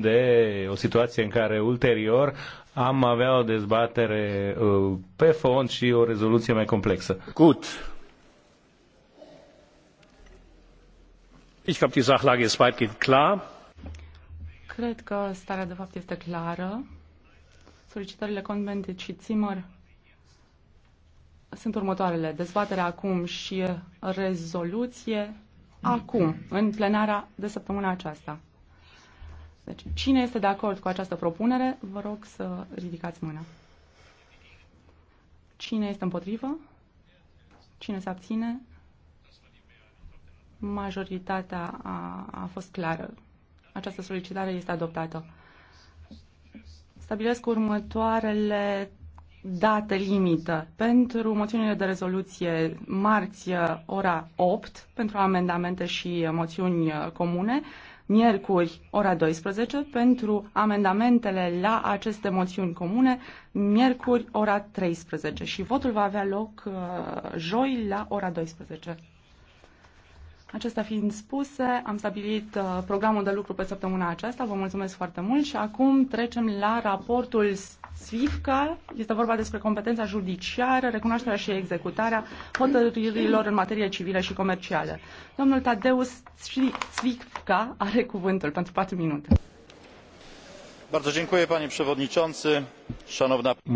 de o situație în care ulterior am avea o dezbatere uh, pe fond și o rezoluție mai complexă. Gut. Ich glaube, die Sachlage ist weitgehend klar. Cred că starea de fapt este clară. Solicitările Conventit și Zimmer sunt următoarele. Dezbatere acum și rezoluție acum, în plenara de săptămâna aceasta. Deci, cine este de acord cu această propunere, vă rog să ridicați mâna. Cine este împotrivă? Cine se abține? Majoritatea a, a fost clară. Această solicitare este adoptată. Stabilesc următoarele date limită pentru moțiunile de rezoluție marți ora 8 pentru amendamente și moțiuni comune miercuri, ora 12, pentru amendamentele la aceste moțiuni comune, miercuri, ora 13. Și votul va avea loc uh, joi la ora 12. Acestea fiind spuse, am stabilit uh, programul de lucru pe săptămâna aceasta. Vă mulțumesc foarte mult și acum trecem la raportul SWIFCA, este vorba despre competența judiciară, recunoașterea și executarea hotărârilor în materie civilă și comercială. Domnul Tadeus SWIFCA are cuvântul pentru 4 minute.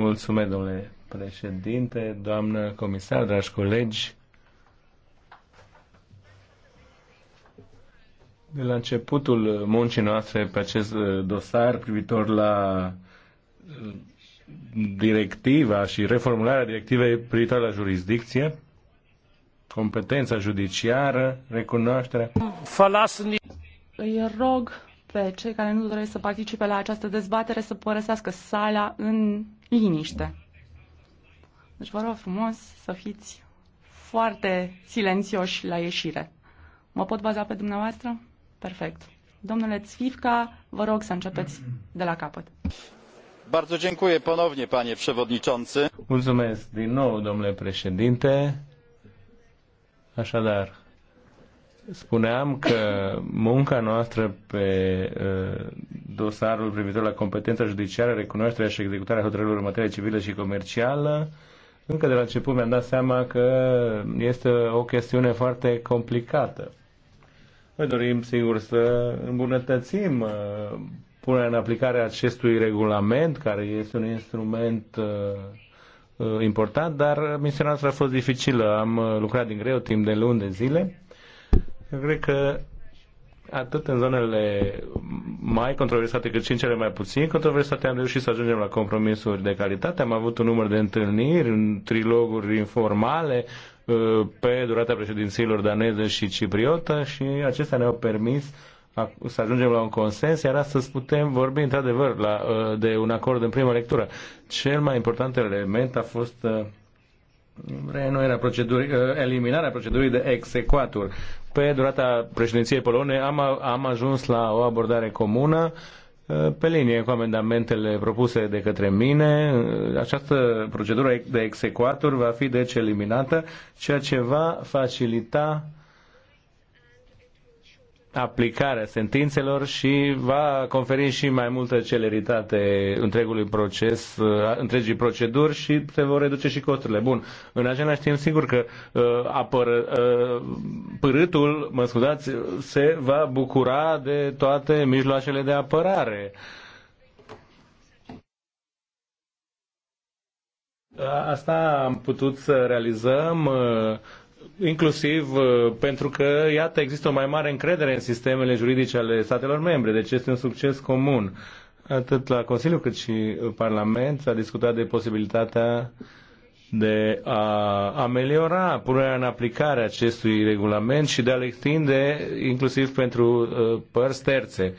Mulțumesc, domnule președinte, doamnă comisar, dragi colegi. De la începutul muncii noastre pe acest dosar privitor la directiva și reformularea directivei privitoare la jurisdicție, competența judiciară, recunoașterea. Îi rog pe cei care nu doresc să participe la această dezbatere să părăsească sala în liniște. Deci vă rog frumos să fiți foarte silențioși la ieșire. Mă pot baza pe dumneavoastră? Perfect. Domnule Țvivca, vă rog să începeți de la capăt. Bardzo dziękuję ponownie, panie przewodniczący. Mulțumesc din nou, domnule președinte. Așadar, spuneam că munca noastră pe dosarul privitor la competența judiciară, recunoașterea și executarea hotărârilor în materie civilă și comercială, încă de la început mi-am dat seama că este o chestiune foarte complicată. Noi dorim, sigur, să îmbunătățim punerea în aplicare a acestui regulament, care este un instrument uh, uh important, dar misiunea noastră a fost dificilă. Am uh, lucrat din greu timp de luni de zile. Eu cred că atât în zonele mai controversate cât și în cele mai puțin controversate am reușit să ajungem la compromisuri de calitate. Am avut un număr de întâlniri, în triloguri informale uh, pe durata președinților daneză și cipriotă și acestea ne-au permis să ajungem la un consens, iar astăzi putem vorbi într-adevăr la, uh, de un acord în primă lectură. Cel mai important element a fost uh, era procedurii, uh, eliminarea procedurii de execuatur. Pe durata președinției polone am, am ajuns la o abordare comună pe linie cu amendamentele propuse de către mine. Această procedură de execuatur va fi deci eliminată, ceea ce va facilita aplicarea sentințelor și va conferi și mai multă celeritate întregului proces, întregii proceduri și se vor reduce și costurile. Bun, în același timp sigur că uh, apăr, uh, pârâtul, mă scuzați, se va bucura de toate mijloacele de apărare. Asta am putut să realizăm uh, inclusiv uh, pentru că, iată, există o mai mare încredere în sistemele juridice ale statelor membre, deci este un succes comun. Atât la Consiliu cât și Parlament s-a discutat de posibilitatea de a ameliora punerea în aplicare acestui regulament și de a-l extinde inclusiv pentru uh, părți terțe.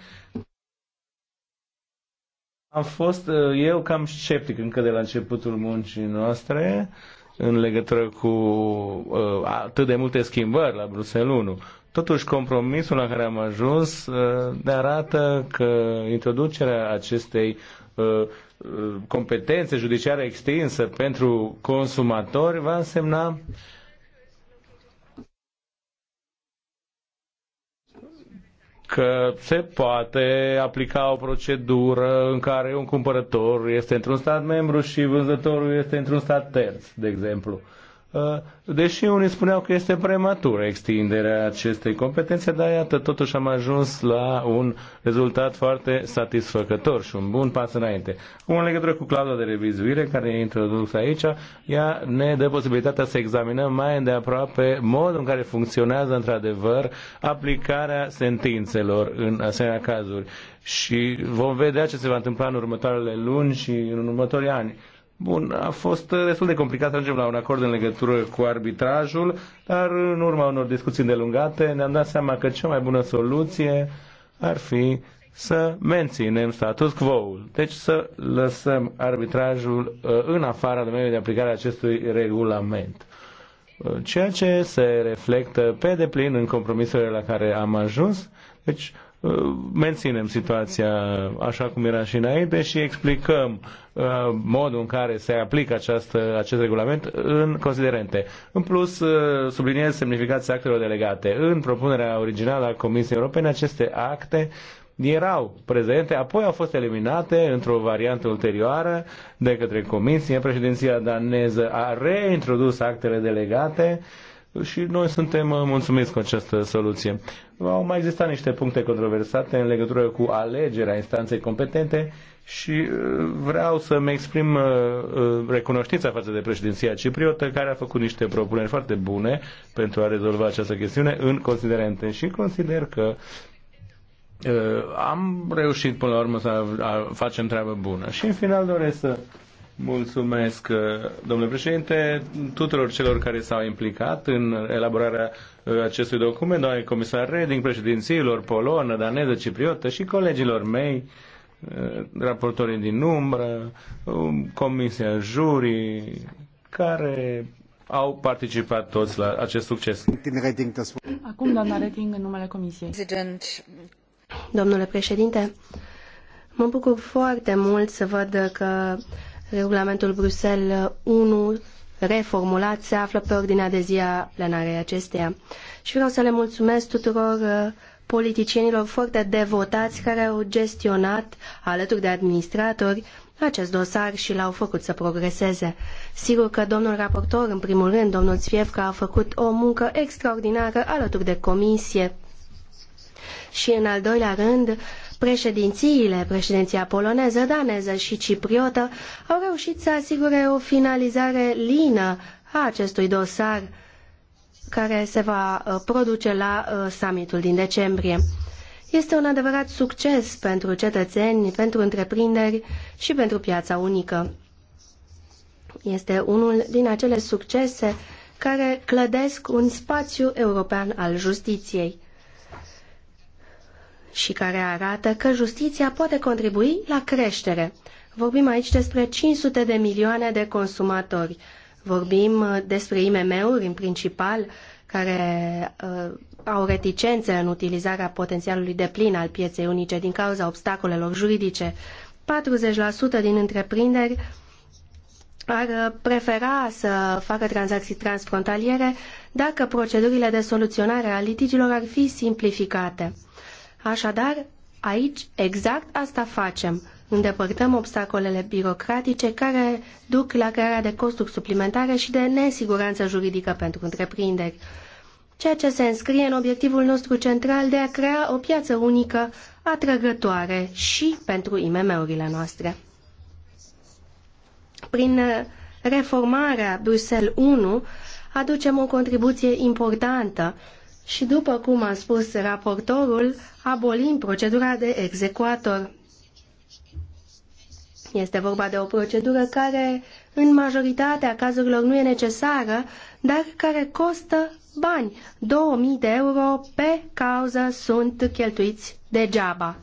Am fost uh, eu cam sceptic încă de la începutul muncii noastre în legătură cu uh, atât de multe schimbări la Bruxelles 1. Totuși, compromisul la care am ajuns uh, ne arată că introducerea acestei uh, uh competențe judiciare extinsă pentru consumatori va însemna uh, că se poate aplica o procedură în care un cumpărător este într-un stat membru și vânzătorul este într-un stat terț, de exemplu. Uh, Uh, deși unii spuneau că este prematură extinderea acestei competențe, dar iată, totuși am ajuns la un rezultat foarte satisfăcător și un bun pas înainte. În legătură cu clauza de revizuire care e introdusă aici, ea ne dă posibilitatea să examinăm mai îndeaproape modul în care funcționează într-adevăr aplicarea sentințelor în asemenea cazuri. Și vom vedea ce se va întâmpla în următoarele luni și în următorii ani Bun, a fost destul de complicat să ajungem la un acord în legătură cu arbitrajul, dar în urma unor discuții îndelungate ne-am dat seama că cea mai bună soluție ar fi să menținem status quo-ul. Deci să lăsăm arbitrajul uh, în afara domeniului de aplicare a acestui regulament. Uh, ceea ce se reflectă pe deplin în compromisurile la care am ajuns. Deci Uh, menținem situația așa cum era și înainte și explicăm uh, modul în care se aplică această, acest regulament în considerente. În plus, uh, subliniez semnificația actelor delegate. În propunerea originală a Comisiei Europene, aceste acte erau prezente, apoi au fost eliminate într-o variantă ulterioară de către Comisie. Președinția daneză a reintrodus actele delegate uh, și noi suntem uh, mulțumiți cu această soluție. Au mai existat niște puncte controversate în legătură cu alegerea instanței competente și uh, vreau să-mi exprim uh, recunoștința față de președinția cipriotă care a făcut niște propuneri foarte bune pentru a rezolva această chestiune în considerente și consider că am reușit până la urmă să facem treabă bună. Și în final doresc să Mulțumesc, uh, domnule președinte, tuturor celor care s-au implicat în elaborarea uh, acestui document, doamne comisar Reding, președinților polonă, daneză, cipriotă și colegilor mei, uh, raportorii din umbră, um, comisia jurii, care au participat toți la acest succes. Acum, doamna Reding, în numele comisiei. Domnule președinte, mă bucur foarte mult să văd că Regulamentul Bruxelles 1 reformulat se află pe ordinea de zi a plenarei acesteia. Și vreau să le mulțumesc tuturor uh, politicienilor foarte devotați care au gestionat, alături de administratori, acest dosar și l-au făcut să progreseze. Sigur că domnul raportor, în primul rând, domnul Țfievca, a făcut o muncă extraordinară alături de comisie. Și în al doilea rând, Președințiile, președinția poloneză, daneză și cipriotă, au reușit să asigure o finalizare lină a acestui dosar care se va uh, produce la uh, summitul din decembrie. Este un adevărat succes pentru cetățeni, pentru întreprinderi și pentru piața unică. Este unul din acele succese care clădesc un spațiu european al justiției și care arată că justiția poate contribui la creștere. Vorbim aici despre 500 de milioane de consumatori. Vorbim uh, despre IMM-uri în principal, care uh, au reticențe în utilizarea potențialului de plin al pieței unice din cauza obstacolelor juridice. 40% din întreprinderi ar uh, prefera să facă tranzacții transfrontaliere dacă procedurile de soluționare a litigilor ar fi simplificate. Așadar, aici exact asta facem. Îndepărtăm obstacolele birocratice care duc la crearea de costuri suplimentare și de nesiguranță juridică pentru întreprinderi, ceea ce se înscrie în obiectivul nostru central de a crea o piață unică atrăgătoare și pentru IMM-urile noastre. Prin uh, reformarea Bruxelles 1 aducem o contribuție importantă și, după cum a spus raportorul, abolim procedura de execuator. Este vorba de o procedură care, în majoritatea cazurilor, nu e necesară, dar care costă bani. 2000 de euro pe cauză sunt cheltuiți degeaba.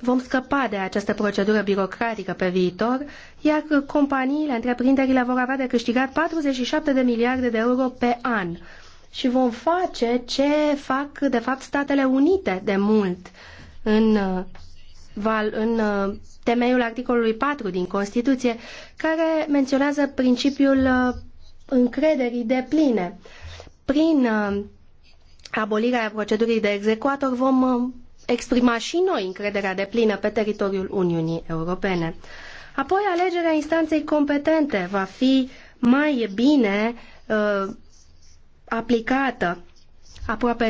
Vom scăpa de această procedură birocratică pe viitor, iar companiile, întreprinderile vor avea de câștigat 47 de miliarde de euro pe an și vom face ce fac, de fapt, Statele Unite de mult în, uh, în uh, temeiul articolului 4 din Constituție, care menționează principiul uh, încrederii de pline. Prin abolirea procedurii de execuator vom exprima și noi încrederea de plină pe teritoriul Uniunii Europene. Apoi, alegerea instanței competente va fi mai bine uh, aplicată. Aproape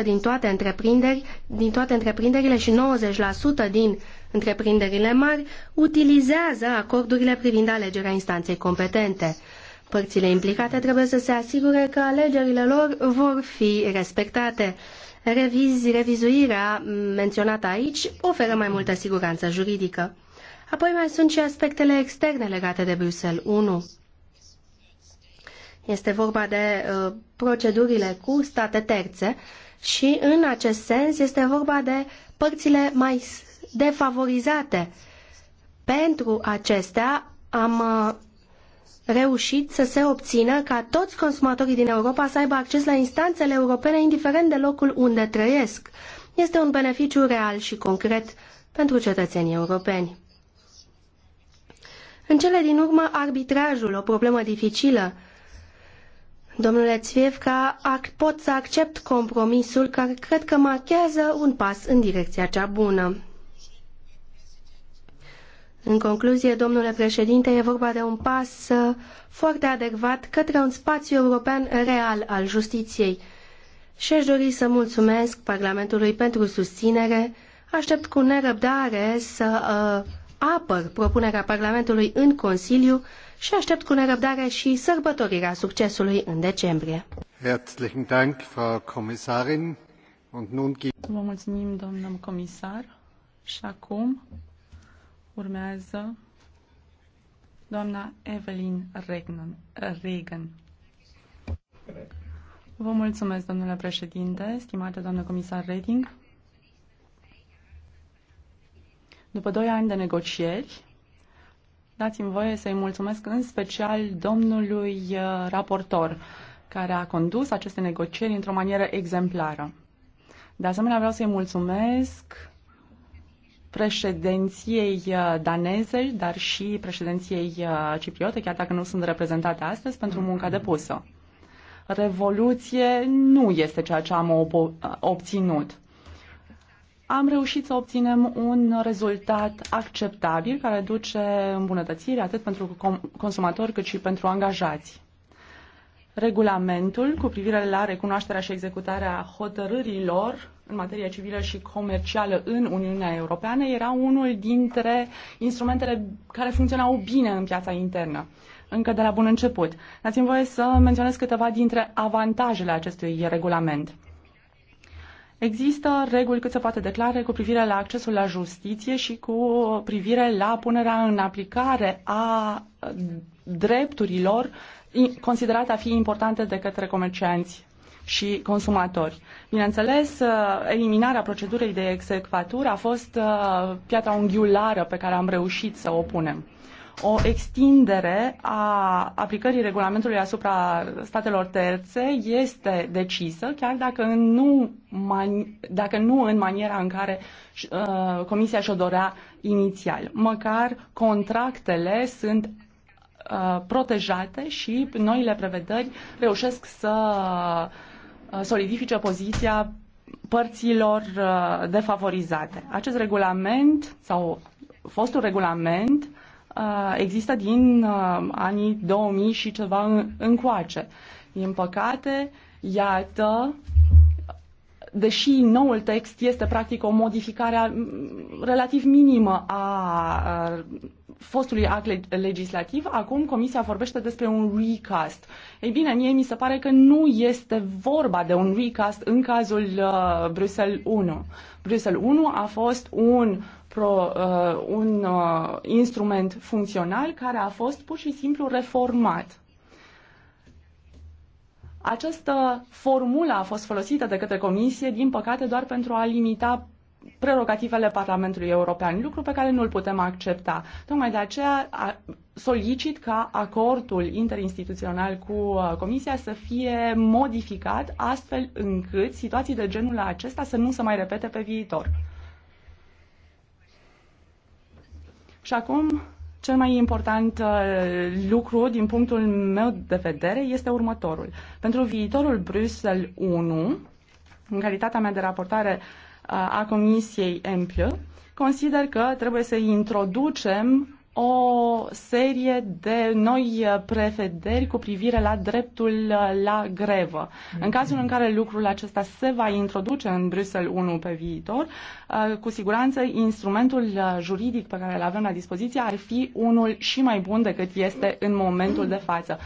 70% din toate, întreprinderi, din toate întreprinderile și 90% din întreprinderile mari utilizează acordurile privind alegerea instanței competente. Părțile implicate trebuie să se asigure că alegerile lor vor fi respectate. Reviz, revizuirea menționată aici oferă mai multă siguranță juridică. Apoi mai sunt și aspectele externe legate de Bruxelles 1. Este vorba de uh, procedurile cu state terțe și în acest sens este vorba de părțile mai defavorizate. Pentru acestea am uh, reușit să se obțină ca toți consumatorii din Europa să aibă acces la instanțele europene, indiferent de locul unde trăiesc. Este un beneficiu real și concret pentru cetățenii europeni. În cele din urmă, arbitrajul, o problemă dificilă, Domnule Țvievca, pot să accept compromisul care cred că marchează un pas în direcția cea bună. În concluzie, domnule președinte, e vorba de un pas uh, foarte adecvat către un spațiu european real al justiției. Și aș dori să mulțumesc Parlamentului pentru susținere. Aștept cu nerăbdare să uh, apăr propunerea Parlamentului în Consiliu și aștept cu nerăbdare și sărbătorirea succesului în decembrie. Herzlichen Dank, Frau Kommissarin. Und nun Vă mulțumim, domnul comisar. Și acum urmează doamna Evelyn Reagan. Vă mulțumesc, domnule președinte, stimată doamnă comisar Reding. După doi ani de negocieri, Dați-mi voie să-i mulțumesc în special domnului uh, raportor, care a condus aceste negocieri într-o manieră exemplară. De asemenea, vreau să-i mulțumesc președinției uh, daneze, dar și președinției uh, cipriote, chiar dacă nu sunt reprezentate astăzi, pentru munca depusă. Revoluție nu este ceea ce am obținut am reușit să obținem un rezultat acceptabil care duce îmbunătățiri atât pentru consumatori cât și pentru angajați. Regulamentul cu privire la recunoașterea și executarea hotărârilor în materie civilă și comercială în Uniunea Europeană era unul dintre instrumentele care funcționau bine în piața internă încă de la bun început. Dați-mi voie să menționez câteva dintre avantajele acestui regulament. Există reguli cât se poate declare cu privire la accesul la justiție și cu privire la punerea în aplicare a drepturilor considerate a fi importante de către comercianți și consumatori. Bineînțeles, uh, eliminarea procedurii de execvatură a fost uh, piatra unghiulară pe care am reușit să o punem o extindere a aplicării regulamentului asupra statelor terțe este decisă, chiar dacă nu, mani- dacă nu în maniera în care uh, Comisia și-o dorea inițial. Măcar contractele sunt uh, protejate și noile prevederi reușesc să uh, solidifice poziția părților uh, defavorizate. Acest regulament sau fostul regulament Uh, există din uh, anii 2000 și ceva încoace. Din păcate, iată, deși noul text este practic o modificare relativ minimă a fostului act legislativ, acum Comisia vorbește despre un recast. Ei bine, mie mi se pare că nu este vorba de un recast în cazul uh, Bruxelles 1. Bruxelles 1 a fost un pro, uh, un uh, instrument funcțional care a fost pur și simplu reformat. Această formulă a fost folosită de către Comisie, din păcate, doar pentru a limita prerogativele Parlamentului European, lucru pe care nu îl putem accepta. Tocmai de aceea solicit ca acordul interinstituțional cu uh, Comisia să fie modificat astfel încât situații de genul acesta să nu se mai repete pe viitor. Și acum, cel mai important uh, lucru din punctul meu de vedere este următorul. Pentru viitorul Bruxelles 1, în calitatea mea de raportare uh, a Comisiei Emplă, consider că trebuie să introducem o serie de noi uh, prevederi cu privire la dreptul uh, la grevă. În cazul în care lucrul acesta se va introduce în Bruxelles 1 pe viitor, uh, cu siguranță instrumentul juridic pe care îl avem la dispoziție ar fi unul și mai bun decât este în momentul de față.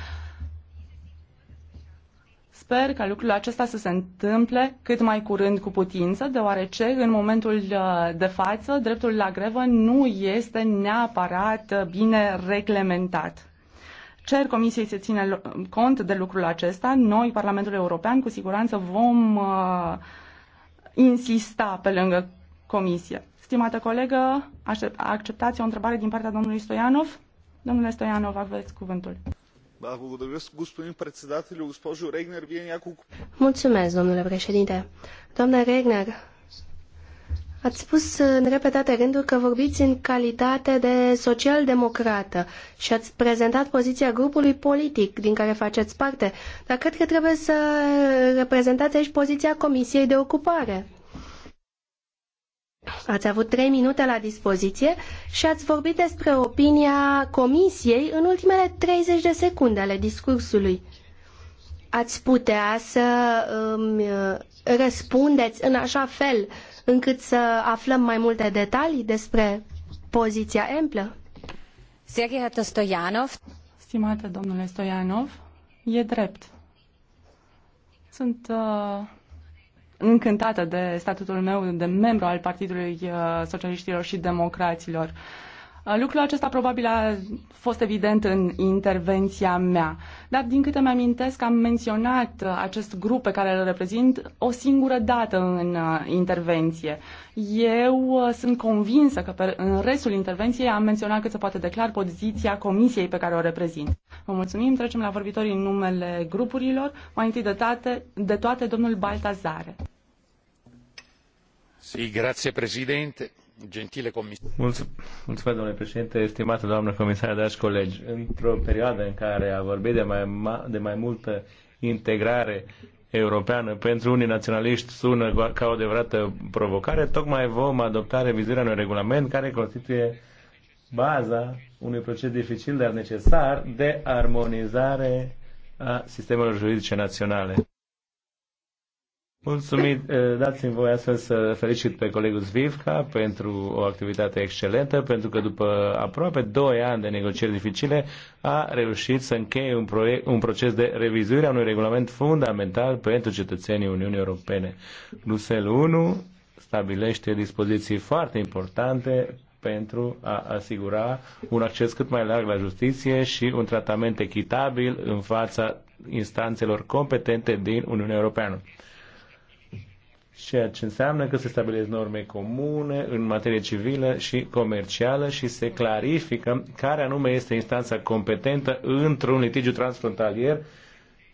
Sper ca lucrul acesta să se întâmple cât mai curând cu putință, deoarece în momentul uh, de față dreptul la grevă nu este neapărat uh, bine reglementat. Cer Comisiei să țină cont de lucrul acesta. Noi, Parlamentul European, cu siguranță vom uh, insista pe lângă Comisie. Stimată colegă, acceptați o întrebare din partea domnului Stoianov? Domnule Stoianov, aveți cuvântul. Da, Mulțumesc, domnule președinte. Doamna Regner, ați spus uh, în repetate rânduri că vorbiți în calitate de social-democrată și ați prezentat poziția grupului politic din care faceți parte, dar cred că trebuie să reprezentați aici poziția Comisiei de Ocupare. Ați avut trei minute la dispoziție și ați vorbit despre opinia Comisiei în ultimele 30 de secunde ale discursului. Ați putea să îmi răspundeți în așa fel încât să aflăm mai multe detalii despre poziția amplă? Stoianov. Stimate domnule Stoianov, e drept. Sunt uh încântată de statutul meu de membru al Partidului uh, Socialiștilor și Democraților. Uh, lucrul acesta probabil a fost evident în intervenția mea, dar din câte mi-amintesc am menționat uh, acest grup pe care îl reprezint o singură dată în intervenție. Eu sunt convinsă că pe, în restul intervenției am menționat cât se poate declar poziția comisiei pe care o reprezint. Vă mulțumim, trecem la vorbitorii în numele grupurilor. Mai întâi de toate, de toate domnul Baltazare. Mulțumesc, domnule președinte, estimată doamnă comisar, dragi colegi. Într-o perioadă în care a vorbit de mai, de mai multă integrare europeană pentru unii naționaliști sună ca o adevărată provocare, tocmai vom adopta revizuirea unui regulament care constituie baza unui proces dificil, dar necesar, de armonizare a sistemelor juridice naționale. Mulțumit. Eh, dați-mi voi astfel să felicit pe colegul Zvivca pentru o activitate excelentă, pentru că după aproape 2 ani de negocieri dificile a reușit să încheie un, proiect, un proces de revizuire a unui regulament fundamental pentru cetățenii Uniunii Europene. Brusel 1 stabilește dispoziții foarte importante pentru a asigura un acces cât mai larg la justiție și un tratament echitabil în fața instanțelor competente din Uniunea Europeană ceea ce înseamnă că se stabilesc norme comune în materie civilă și comercială și se clarifică care anume este instanța competentă într-un litigiu transfrontalier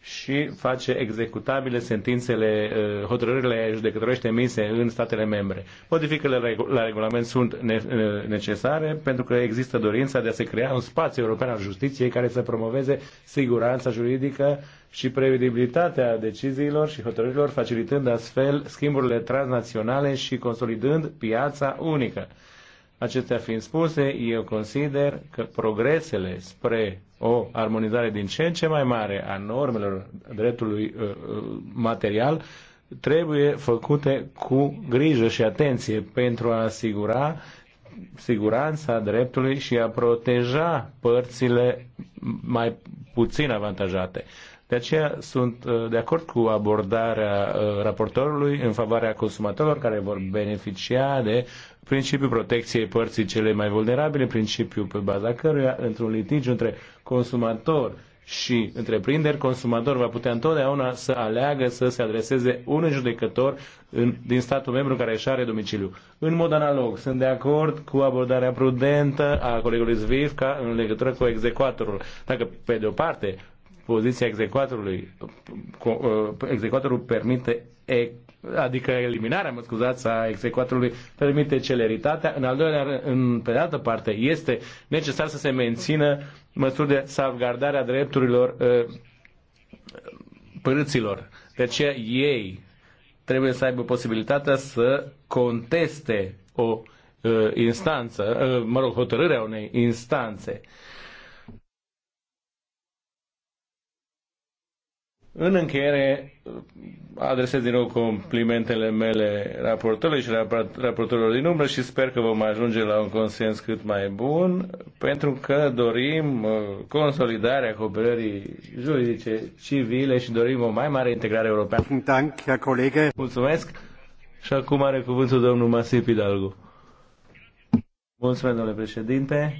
și face executabile sentințele, uh, hotărârile judecătorești emise în statele membre. Modificările la regulament sunt uh, necesare pentru că există dorința de a se crea un spațiu european al justiției care să promoveze siguranța juridică și previdibilitatea deciziilor și hotărârilor, facilitând astfel schimburile transnaționale și consolidând piața unică. Acestea fiind spuse, eu consider că progresele spre o armonizare din ce în ce mai mare a normelor dreptului uh, uh, material trebuie făcute cu grijă și atenție pentru a asigura siguranța dreptului și a proteja părțile mai puțin avantajate. De aceea sunt uh, de acord cu abordarea uh, raportorului în favoarea consumatorilor care vor beneficia de principiul protecției părții cele mai vulnerabile, principiul pe baza căruia într-un litigiu între consumator și întreprinderi, consumator va putea întotdeauna să aleagă să se adreseze unui judecător în, din statul membru care își are domiciliu. În mod analog, sunt de acord cu abordarea prudentă a colegului Zviv ca în legătură cu executorul. Dacă, pe de o parte, poziția execuatorului. Uh, execuatorul permite, adică eliminarea, mă scuzați, a execuatorului permite celeritatea. În al doilea rând, în, pe de altă parte, este necesar să se mențină măsuri de salvgardare a drepturilor uh, părâților. De ce ei trebuie să aibă posibilitatea să conteste o uh, instanță, mă rog, hotărârea unei instanțe. Uh, În încheiere, adresez din nou complimentele mele raportorului și raportorilor din umbră și sper că vom ajunge la un consens cât mai bun, pentru că dorim uh, consolidarea cooperării juridice civile și dorim o mai mare integrare europeană. Mulțumesc! Și acum are cuvântul domnul Masip Hidalgo. Mulțumesc, domnule președinte!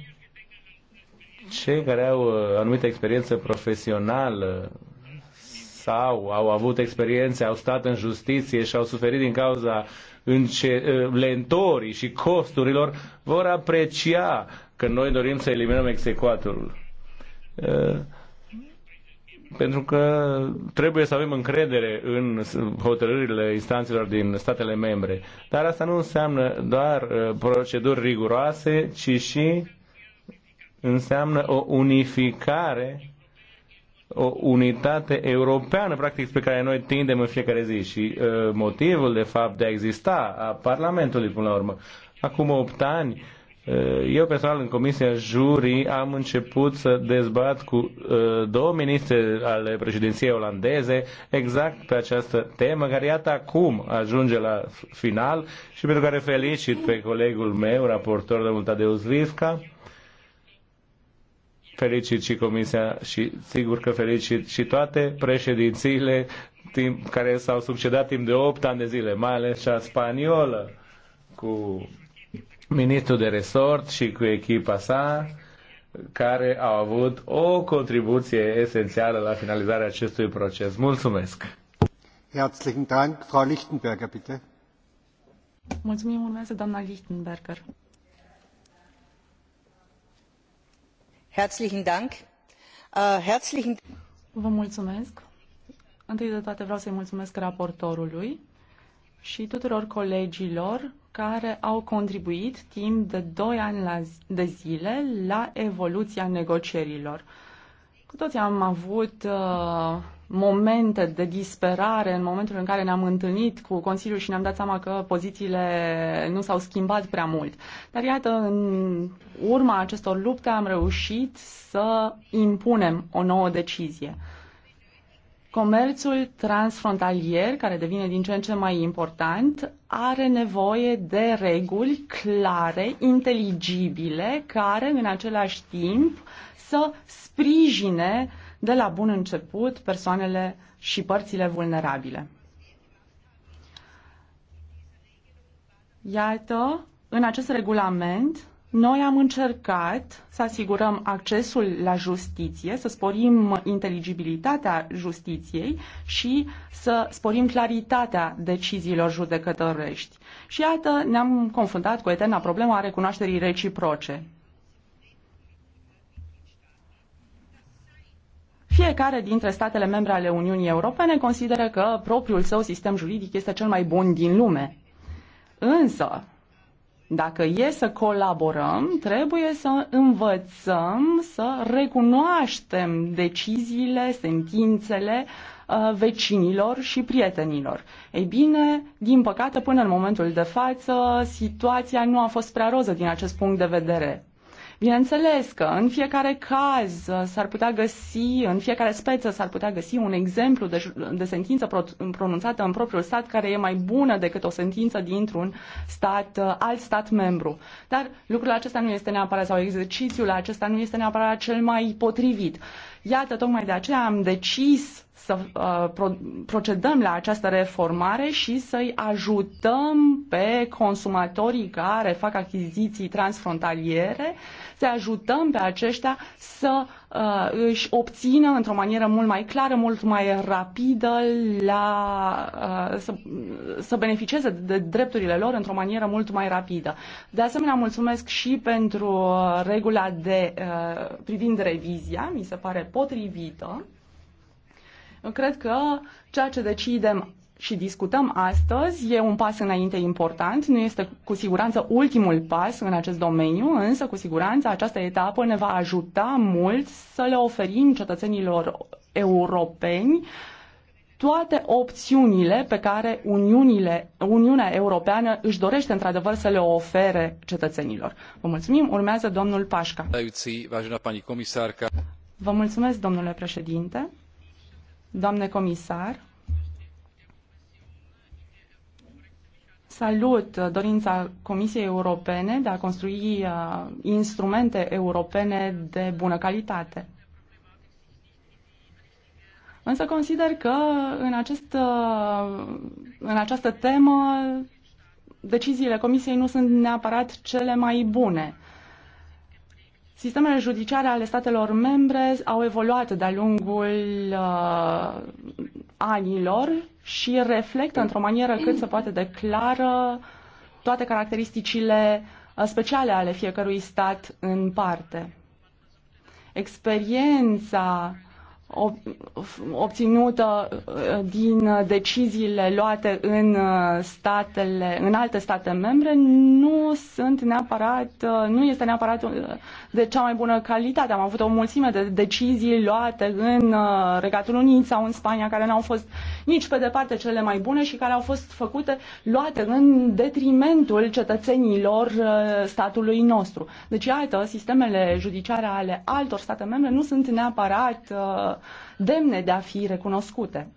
Cei care au uh, anumită experiență profesională sau au avut experiențe, au stat în justiție și au suferit din cauza înce- uh, lentorii și costurilor, vor aprecia că noi dorim să eliminăm execuatorul. Uh, pentru că trebuie să avem încredere în hotărârile instanțelor din statele membre. Dar asta nu înseamnă doar uh, proceduri riguroase, ci și înseamnă o unificare o unitate europeană, practic, spre care noi tindem în fiecare zi și uh, motivul, de fapt, de a exista a Parlamentului, până la urmă. Acum 8 ani, uh, eu personal în Comisia Jurii am început să dezbat cu uh, două ministre ale președinției olandeze exact pe această temă, care iată acum ajunge la final și pentru care felicit pe colegul meu, raportor de Multadeus Vivca, uh, Fericit și Comisia și sigur că fericit și toate președințiile timp, care s-au succedat timp de 8 ani de zile, mai ales cea spaniolă cu ministrul de resort și cu echipa sa care au avut o contribuție esențială la finalizarea acestui proces. Mulțumesc! Herzlichen Dank, Frau Lichtenberger, bitte. Mulțumim, urmează doamna Lichtenberger. Herzlichen Dank. Äh, mulțumesc. Întâi de toate vreau să îi mulțumesc raportorului și tuturor colegilor care au contribuit timp de doi ani la, de zile la evoluția negocierilor. Cu toții am avut uh, momente de disperare în momentul în care ne-am întâlnit cu Consiliul și ne-am dat seama că pozițiile nu s-au schimbat prea mult. Dar iată, în urma acestor lupte am reușit să impunem o nouă decizie. Comerțul transfrontalier, care devine din ce în ce mai important, are nevoie de reguli clare, inteligibile, care în același timp să sprijine uh, de la bun început persoanele și părțile vulnerabile. Iată, în acest regulament, noi am încercat să asigurăm accesul la justiție, să sporim inteligibilitatea justiției și să sporim claritatea deciziilor judecătorești. Și iată, ne-am confruntat cu eterna problema a recunoașterii reciproce. fiecare dintre statele membre ale Uniunii Europene consideră că propriul său sistem juridic este cel mai bun din lume. Însă, dacă e să colaborăm, trebuie să învățăm să recunoaștem deciziile, sentințele uh, vecinilor și prietenilor. Ei bine, din păcate, până în momentul de față, situația nu a fost prea roză din acest punct de vedere. Bineînțeles că în fiecare caz uh, s-ar putea găsi, în fiecare speță s-ar putea găsi un exemplu de, de sentință pronunțată în propriul stat care e mai bună decât o sentință dintr-un stat, uh, alt stat membru. Dar lucrul acesta nu este neapărat, sau exercițiul acesta nu este neapărat cel mai potrivit. Iată, tocmai de aceea am decis să uh, procedăm la această reformare și să-i ajutăm pe consumatorii care fac achiziții transfrontaliere, să ajutăm pe aceștia să Uh, își obțină într-o manieră mult mai clară, mult mai rapidă, la, uh, să, să beneficieze de drepturile lor într-o manieră mult mai rapidă. De asemenea, mulțumesc și pentru uh, regula de, privind revizia, mi se pare potrivită. Eu cred că ceea ce decidem și discutăm astăzi e un pas înainte important, nu este cu siguranță ultimul pas în acest domeniu, însă cu siguranță această etapă ne va ajuta mult să le oferim cetățenilor europeni toate opțiunile pe care Uniunile, Uniunea Europeană își dorește într-adevăr să le ofere cetățenilor. Vă mulțumim. Urmează domnul Pașca. Vă mulțumesc, domnule președinte. Doamne comisar, Salut dorința Comisiei Europene de a construi uh, instrumente europene de bună calitate. Însă consider că în, acest, uh, în această temă deciziile Comisiei nu sunt neapărat cele mai bune. Sistemele judiciare ale statelor membre au evoluat de-a lungul uh, anilor și reflectă într-o manieră cât se poate de clară toate caracteristicile uh, speciale ale fiecărui stat în parte. Experiența obținută uh, din deciziile luate în uh, statele, în alte state membre nu sunt neapărat, uh, nu este neapărat de cea mai bună calitate. Am avut o mulțime de decizii luate în Regatul Unit sau în Spania care n-au fost nici pe departe cele mai bune și care au fost făcute, luate în detrimentul cetățenilor statului nostru. Deci, iată, sistemele judiciare ale altor state membre nu sunt neapărat demne de a fi recunoscute.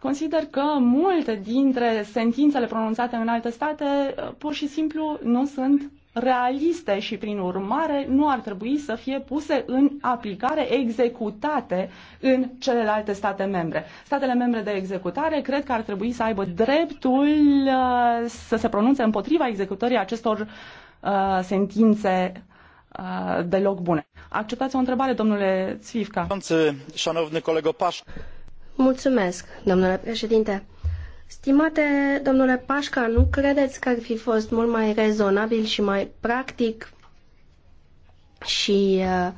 Consider că multe dintre sentințele pronunțate în alte state pur și simplu nu sunt realiste și, prin urmare, nu ar trebui să fie puse în aplicare, executate în celelalte state membre. Statele membre de executare cred că ar trebui să aibă dreptul uh, să se pronunțe împotriva executării acestor uh, sentințe uh, deloc bune. Acceptați o întrebare, domnule Țivca. Mulțumesc, domnule președinte. Stimate domnule Pașca, nu credeți că ar fi fost mult mai rezonabil și mai practic și uh,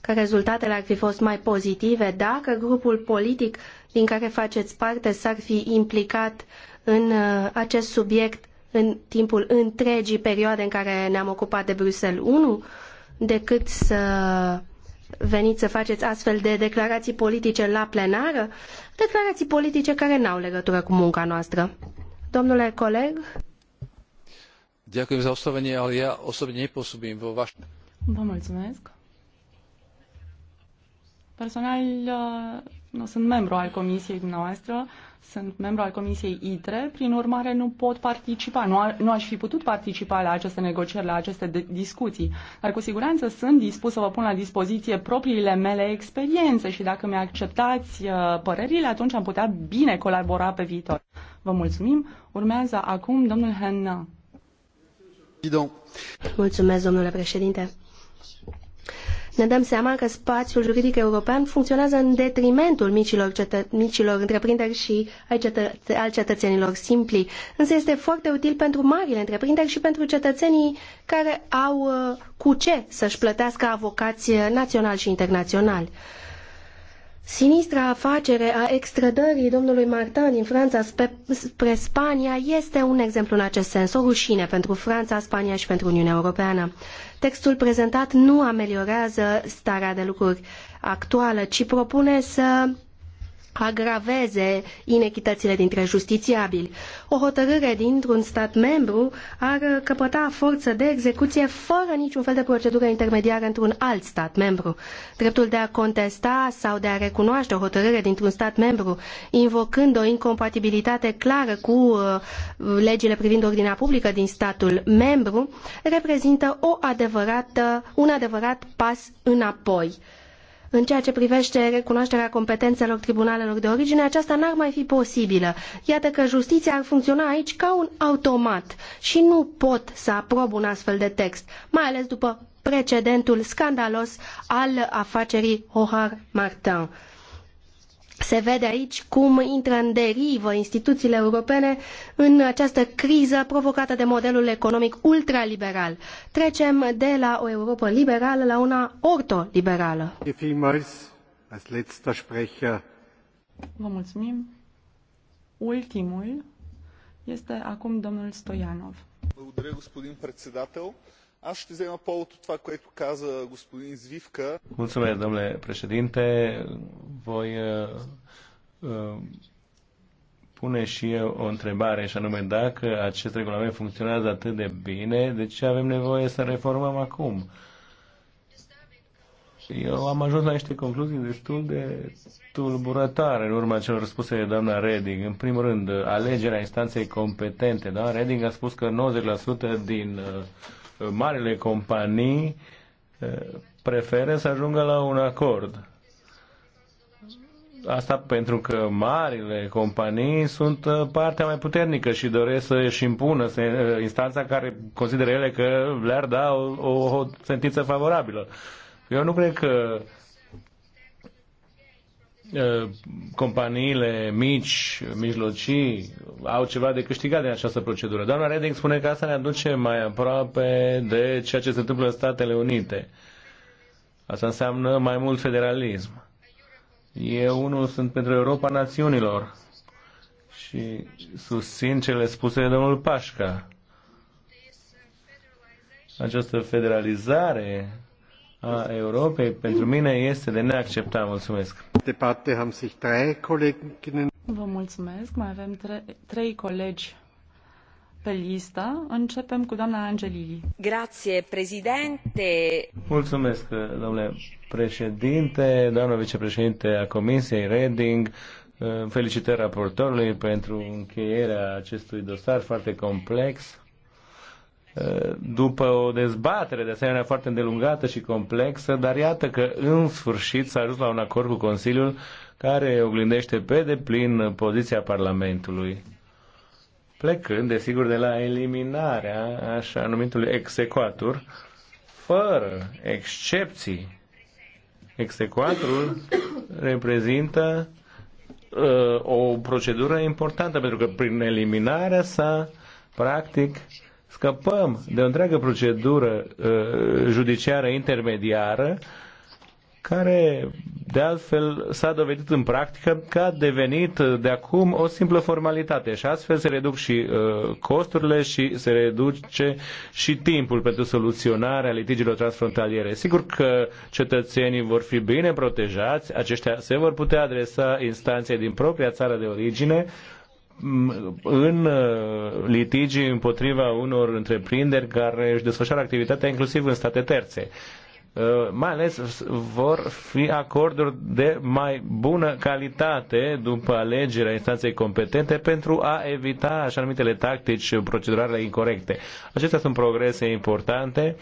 că rezultatele ar fi fost mai pozitive dacă grupul politic din care faceți parte s-ar fi implicat în uh, acest subiect în timpul întregii perioade în care ne-am ocupat de Bruxelles 1 decât să venit să faceți astfel de declarații politice la plenară, declarații politice care n-au legătură cu munca noastră. Domnule coleg? Ďakujem za oslovenie, ale ja osobne nepôsobím vo Vă mulțumesc. Personal, nu sunt membru al comisiei dumneavoastră, sunt membru al comisiei ITRE, prin urmare nu pot participa, nu, a, nu aș fi putut participa la aceste negocieri, la aceste de- discuții, dar cu siguranță sunt dispus să vă pun la dispoziție propriile mele experiențe și dacă mi acceptați uh, părerile, atunci am putea bine colabora pe viitor. Vă mulțumim. Urmează acum domnul Henna. Mulțumesc, domnule președinte ne dăm seama că spațiul juridic european funcționează în detrimentul micilor, cetă- micilor întreprinderi și ai cetă- al cetățenilor simpli, însă este foarte util pentru marile întreprinderi și pentru cetățenii care au uh, cu ce să-și plătească avocați uh, naționali și internaționali. Sinistra afacere a extrădării domnului Martin din Franța spre, spre Spania este un exemplu în acest sens, o rușine pentru Franța, Spania și pentru Uniunea Europeană. Textul prezentat nu ameliorează starea de lucruri actuală, ci propune să agraveze inechitățile dintre justițiabili. O hotărâre dintr-un stat membru ar căpăta forță de execuție fără niciun fel de procedură intermediară într-un alt stat membru. Dreptul de a contesta sau de a recunoaște o hotărâre dintr-un stat membru, invocând o incompatibilitate clară cu uh, legile privind ordinea publică din statul membru, reprezintă o adevărată, un adevărat pas înapoi în ceea ce privește recunoașterea competențelor tribunalelor de origine, aceasta n-ar mai fi posibilă. Iată că justiția ar funcționa aici ca un automat și nu pot să aprob un astfel de text, mai ales după precedentul scandalos al afacerii Hohar Martin. Se vede aici cum intră în derivă instituțiile europene în această criză provocată de modelul economic ultraliberal. Trecem de la o Europa liberală la una ortoliberală. Vă mulțumim. Ultimul este acum domnul Stoianov. Благодаря, господин председател. Аз ще взема повод от това, което каза господин Звивка. Mulțumesc, domnule președinte. Voi pune și eu o întrebare, și anume dacă acest regulament funcționează atât de bine, de ce avem nevoie să reformăm acum? Eu am ajuns la niște concluzii destul de tulburătoare în urma celor spuse de doamna Reding. În primul rând, alegerea instanței competente. Doamna Reding a spus că 90% din uh, marile companii eh, preferă să ajungă la un acord. Asta pentru că marile companii sunt eh, partea mai puternică și doresc să își impună eh, instanța care consideră ele că le-ar da o, o, sentință favorabilă. Eu nu cred că uh, Eh, companiile mici, mijlocii, au ceva de câștigat din această procedură. Doamna Reding spune că asta ne aduce mai aproape de ceea ce se întâmplă în Statele Unite. Asta înseamnă mai mult federalism. Eu unul sunt pentru Europa Națiunilor și susțin cele spuse de domnul Pașca. Această federalizare a Europei pentru mine este de neacceptat. Mulțumesc. Departe am sich trei Kolleginnen. Vă mulțumesc. Mai avem tre- trei colegi pe lista. Începem cu doamna Angelili. Grație, președinte. Mulțumesc, domnule președinte, doamna vicepreședinte a Comisiei Reding. Felicitări raportorului pentru încheierea acestui dosar foarte complex după o dezbatere de asemenea foarte îndelungată și complexă, dar iată că în sfârșit s-a ajuns la un acord cu Consiliul care oglindește pe deplin poziția Parlamentului. Plecând, desigur, de la eliminarea așa numitului exequatur, fără excepții. Execuatorul reprezintă uh, o procedură importantă, pentru că prin eliminarea sa, practic, uh, scăpăm de o întreagă procedură uh, judiciară intermediară care de altfel s-a dovedit în practică că a devenit uh, de acum o simplă formalitate și astfel se reduc și uh, costurile și se reduce și timpul pentru soluționarea litigiilor transfrontaliere. Sigur că cetățenii vor fi bine protejați, aceștia se vor putea adresa instanței din propria țară de origine, în uh, litigii împotriva unor întreprinderi care își desfășoară activitatea inclusiv în state terțe uh, mai ales vor fi acorduri de mai bună calitate după alegerea instanței competente pentru a evita așa numitele tactici procedurale incorrecte. Acestea sunt progrese importante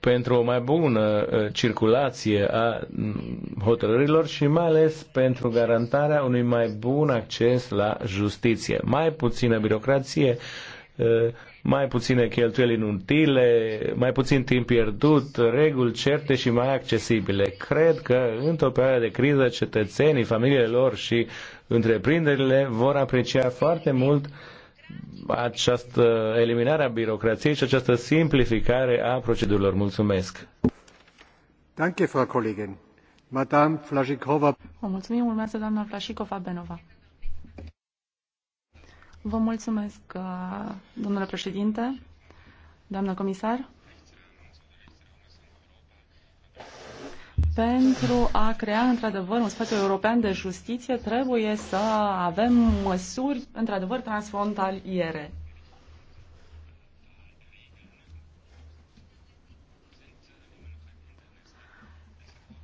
pentru o mai bună uh, circulație a mm, hotărârilor și mai ales pentru garantarea unui mai bun acces la justiție. Mai puțină birocrație, uh, mai puține cheltuieli inutile, mai puțin timp pierdut, reguli certe și mai accesibile. Cred că într-o perioadă de criză cetățenii, familiile lor și întreprinderile vor aprecia foarte mult uh, această eliminare a birocrației și această simplificare a procedurilor. Mulțumesc! Danke, Frau Kollegin. Madame Flashikova. mulțumim, urmează doamna Flashikova Benova. Vă mulțumesc, uh, domnule președinte, doamnă comisar. pentru a crea într-adevăr un spațiu european de justiție trebuie să avem măsuri într-adevăr transfrontaliere.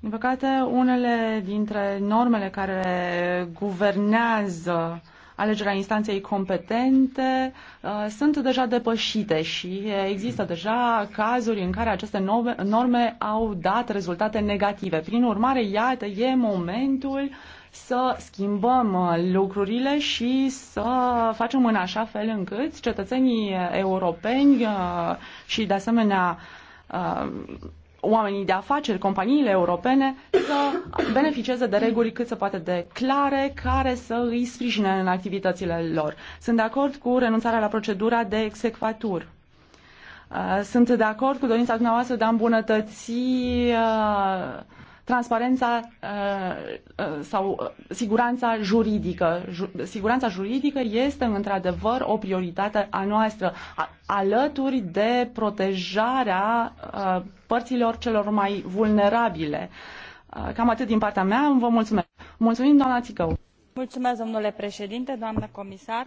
Din păcate, unele dintre normele care guvernează alegerea instanței competente uh, sunt deja depășite și există deja cazuri în care aceste norme au dat rezultate negative. Prin urmare, iată, e momentul să schimbăm uh, lucrurile și să facem în așa fel încât cetățenii europeni uh, și, de asemenea, oamenii de afaceri, companiile europene să beneficieze de reguli cât se poate de clare care să îi sprijine în activitățile lor. Sunt de acord cu renunțarea la procedura de execvatur. Uh, sunt de acord cu dorința dumneavoastră de a îmbunătăți uh, transparența uh, uh, sau uh, siguranța juridică. Siguranța juridică este într-adevăr o prioritate a noastră, alături de protejarea părților celor mai vulnerabile. Cam atât din partea mea, vă mulțumesc. Mulțumim, doamna Țicău. Mulțumesc, domnule președinte, doamnă comisar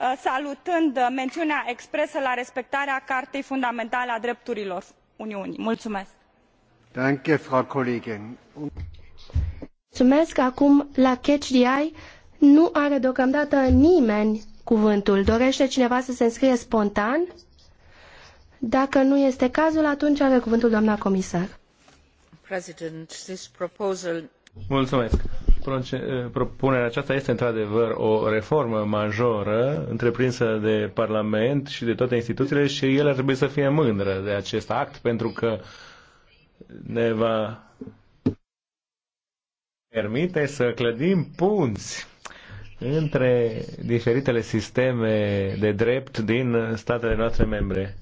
Uh, salutând meniunea expresă la respectarea cartei fundamentale a drepturilor uniunii. Mulțumesc. Mulțumesc. Acum, la Catch the Eye, nu are deocamdată nimeni cuvântul. Dorește cineva să se înscrie spontan? Dacă nu este cazul, atunci are cuvântul doamna comisar. Mulțumesc. Eh, propunerea aceasta este într-adevăr o reformă majoră întreprinsă de Parlament și de toate instituțiile și el ar trebui să fie mândră de acest act pentru că ne va permite să clădim punți între diferitele sisteme de drept din statele noastre membre.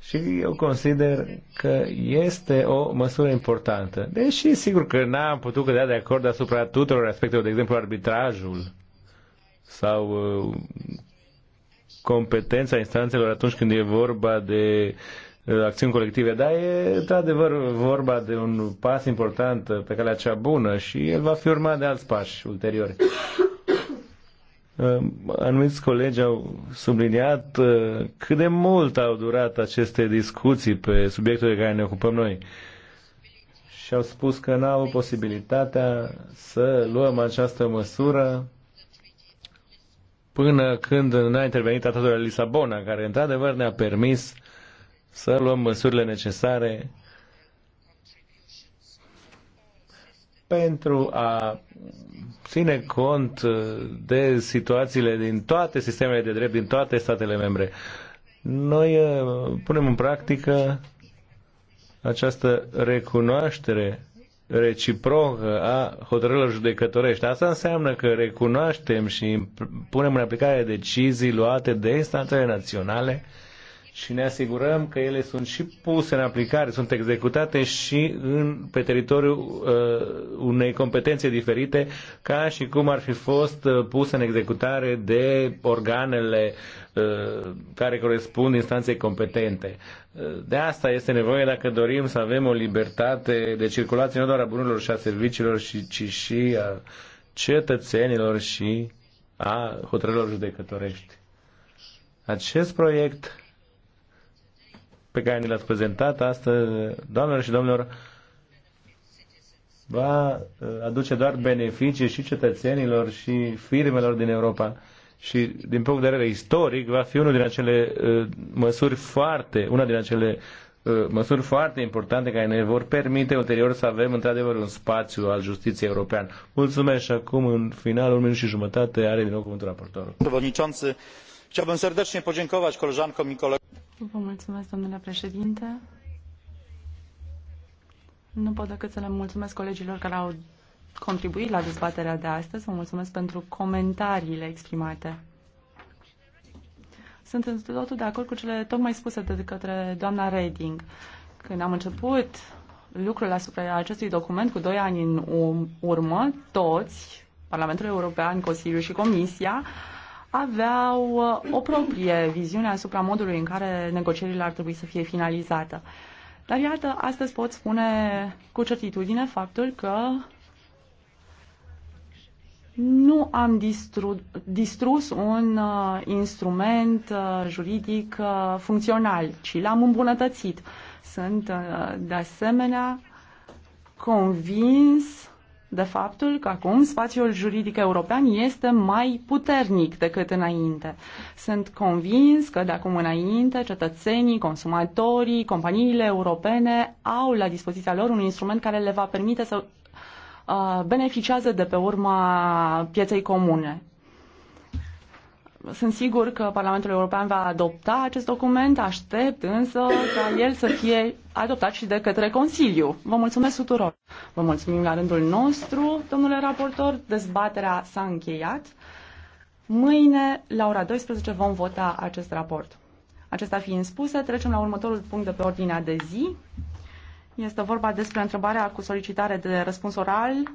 Și eu consider că este o măsură importantă. Deși, sigur că n-am putut cădea de acord asupra tuturor aspectelor, de exemplu, arbitrajul sau uh, competența instanțelor atunci când e vorba de uh, acțiuni colective. Dar e, într-adevăr, vorba de un pas important pe calea cea bună și el va fi urmat de alți pași ulteriori anumiți colegi au subliniat uh, cât de mult au durat aceste discuții pe subiectul de care ne ocupăm noi și au spus că n-au posibilitatea să luăm această măsură până când n-a intervenit tratatul de Lisabona, care într-adevăr ne-a permis să luăm măsurile necesare pentru a ține cont uh, de situațiile din toate sistemele de drept, din toate statele membre. Noi uh, punem în practică această recunoaștere reciprocă a hotărârilor judecătorești. Asta înseamnă că recunoaștem și punem în aplicare decizii luate de statele naționale uh, și ne asigurăm că ele sunt și puse în aplicare, sunt executate și în, pe teritoriul uh, unei competențe diferite, ca și cum ar fi fost uh, puse în executare de organele uh, care corespund instanței competente. Uh, de asta este nevoie dacă dorim să avem o libertate de circulație nu doar a bunurilor și a serviciilor, ci, ci și a cetățenilor și a hotărârilor judecătorești. Acest proiect pe care ni l ați prezentat astăzi, doamnelor și domnilor, va aduce doar beneficii și cetățenilor și firmelor din Europa. Și din punct de vedere istoric va fi unul din acele uh, măsuri foarte, una din acele uh, măsuri foarte importante care ne vor permite ulterior să avem într-adevăr un spațiu al justiției european. Mulțumesc și acum în final un minut și jumătate are din nou cuvântul raportorul. Chciałbym serdecznie podziękować koleżankom i kolegom. Vă mulțumesc, domnule președinte. Nu pot decât să le mulțumesc colegilor care au contribuit la dezbaterea de astăzi. Vă mulțumesc pentru comentariile exprimate. Sunt în totul de acord cu cele tocmai spuse de către doamna Reding. Când am început lucrul asupra acestui document cu doi ani în urmă, toți, Parlamentul European, Consiliul și Comisia, uh, aveau uh, o proprie viziune asupra modului în care negocierile ar trebui să fie finalizate. Dar iată, astăzi pot spune cu certitudine faptul că nu am distru- distrus un uh, instrument uh, juridic uh, funcțional, ci l-am îmbunătățit. Sunt, uh, de asemenea, convins de faptul că acum spațiul juridic european este mai puternic decât înainte. Sunt convins că de acum înainte cetățenii, consumatorii, companiile europene au la dispoziția lor un instrument care le va permite să uh, beneficiază de pe urma pieței comune. Sunt sigur că Parlamentul European va adopta acest document, aștept însă ca el să fie adoptat și de către Consiliu. Vă mulțumesc tuturor! Vă mulțumim la rândul nostru, domnule raportor, dezbaterea s-a încheiat. Mâine, la ora 12, vom vota acest raport. Acesta fiind spuse, trecem la următorul punct de pe ordinea de zi. Este vorba despre întrebarea cu solicitare de răspuns oral